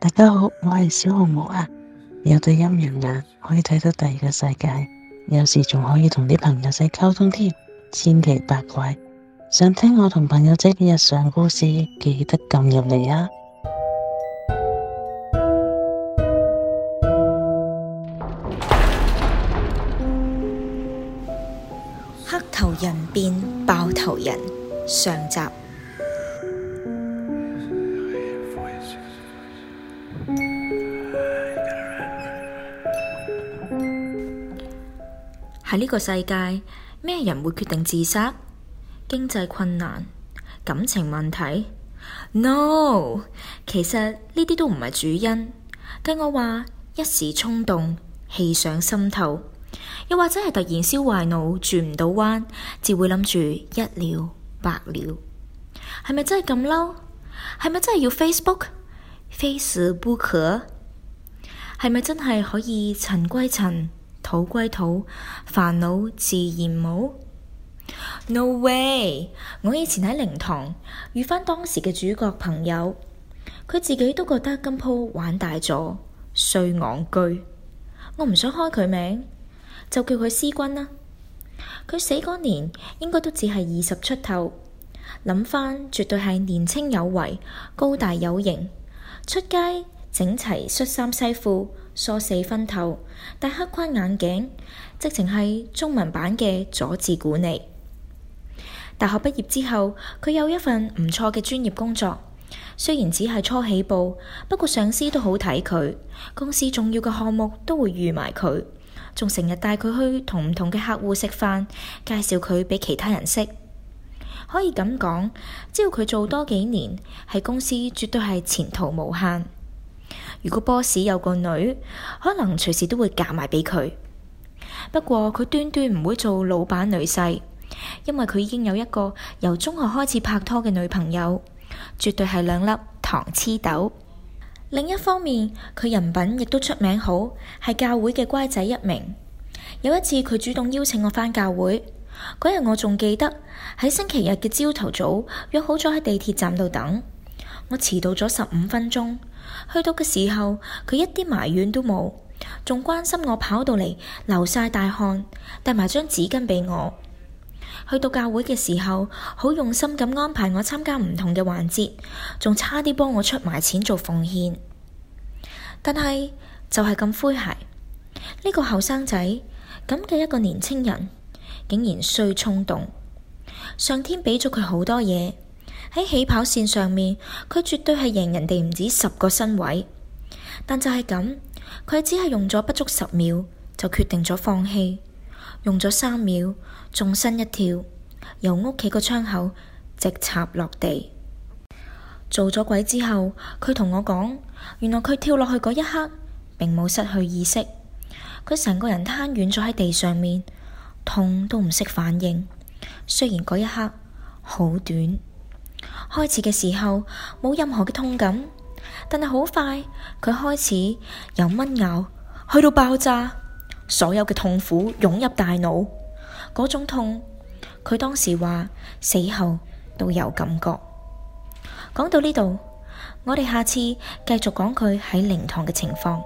大家好，我係小紅帽啊，有對陰陽眼可以睇到第二個世界，有時仲可以同啲朋友仔溝通添，千奇百怪。想聽我同朋友仔嘅日常故事，記得撳入嚟啊！黑頭人變爆頭人上集。喺呢個世界，咩人會決定自殺？經濟困難、感情問題，No，其實呢啲都唔係主因。計我話，一時衝動、氣上心頭，又或者係突然燒壞腦轉唔到彎，只會諗住一了百了。係咪真係咁嬲？係咪真係要 Facebook？非死不可？係咪真係可以塵歸塵？土歸土，煩惱自然冇。No way！我以前喺靈堂遇返當時嘅主角朋友，佢自己都覺得今鋪玩大咗，衰戇居。我唔想開佢名，就叫佢 C 君啦。佢死嗰年應該都只係二十出頭，諗返絕對係年青有為，高大有型，出街整齊恤衫西褲。梳四分頭，戴黑框眼鏡，直情係中文版嘅佐治古尼。大學畢業之後，佢有一份唔錯嘅專業工作，雖然只係初起步，不過上司都好睇佢，公司重要嘅項目都會預埋佢，仲成日帶佢去同唔同嘅客戶食飯，介紹佢畀其他人識。可以咁講，只要佢做多幾年，喺公司絕對係前途無限。如果 boss 有個女，可能隨時都會嫁埋俾佢。不過佢斷斷唔會做老闆女婿，因為佢已經有一個由中學開始拍拖嘅女朋友，絕對係兩粒糖黐豆。另一方面，佢人品亦都出名好，係教會嘅乖仔一名。有一次佢主動邀請我返教會，嗰日我仲記得喺星期日嘅朝頭早約好咗喺地鐵站度等。我遲到咗十五分鐘，去到嘅時候，佢一啲埋怨都冇，仲關心我跑到嚟流晒大汗，帶埋張紙巾畀我。去到教會嘅時候，好用心咁安排我參加唔同嘅環節，仲差啲幫我出埋錢做奉獻。但係就係咁詼諧，呢個後生仔咁嘅一個年青人，竟然衰衝動。上天畀咗佢好多嘢。喺起跑線上面，佢絕對係贏人哋唔止十個身位，但就係咁，佢只係用咗不足十秒就決定咗放棄，用咗三秒縱身一跳，由屋企個窗口直插落地。做咗鬼之後，佢同我講，原來佢跳落去嗰一刻並冇失去意識，佢成個人癱軟咗喺地上面，痛都唔識反應。雖然嗰一刻好短。開始嘅時候，冇任何嘅痛感，但係好快，佢開始由蚊咬去到爆炸，所有嘅痛苦湧入大腦，嗰種痛，佢當時話死後都有感覺。講到呢度，我哋下次繼續講佢喺靈堂嘅情況。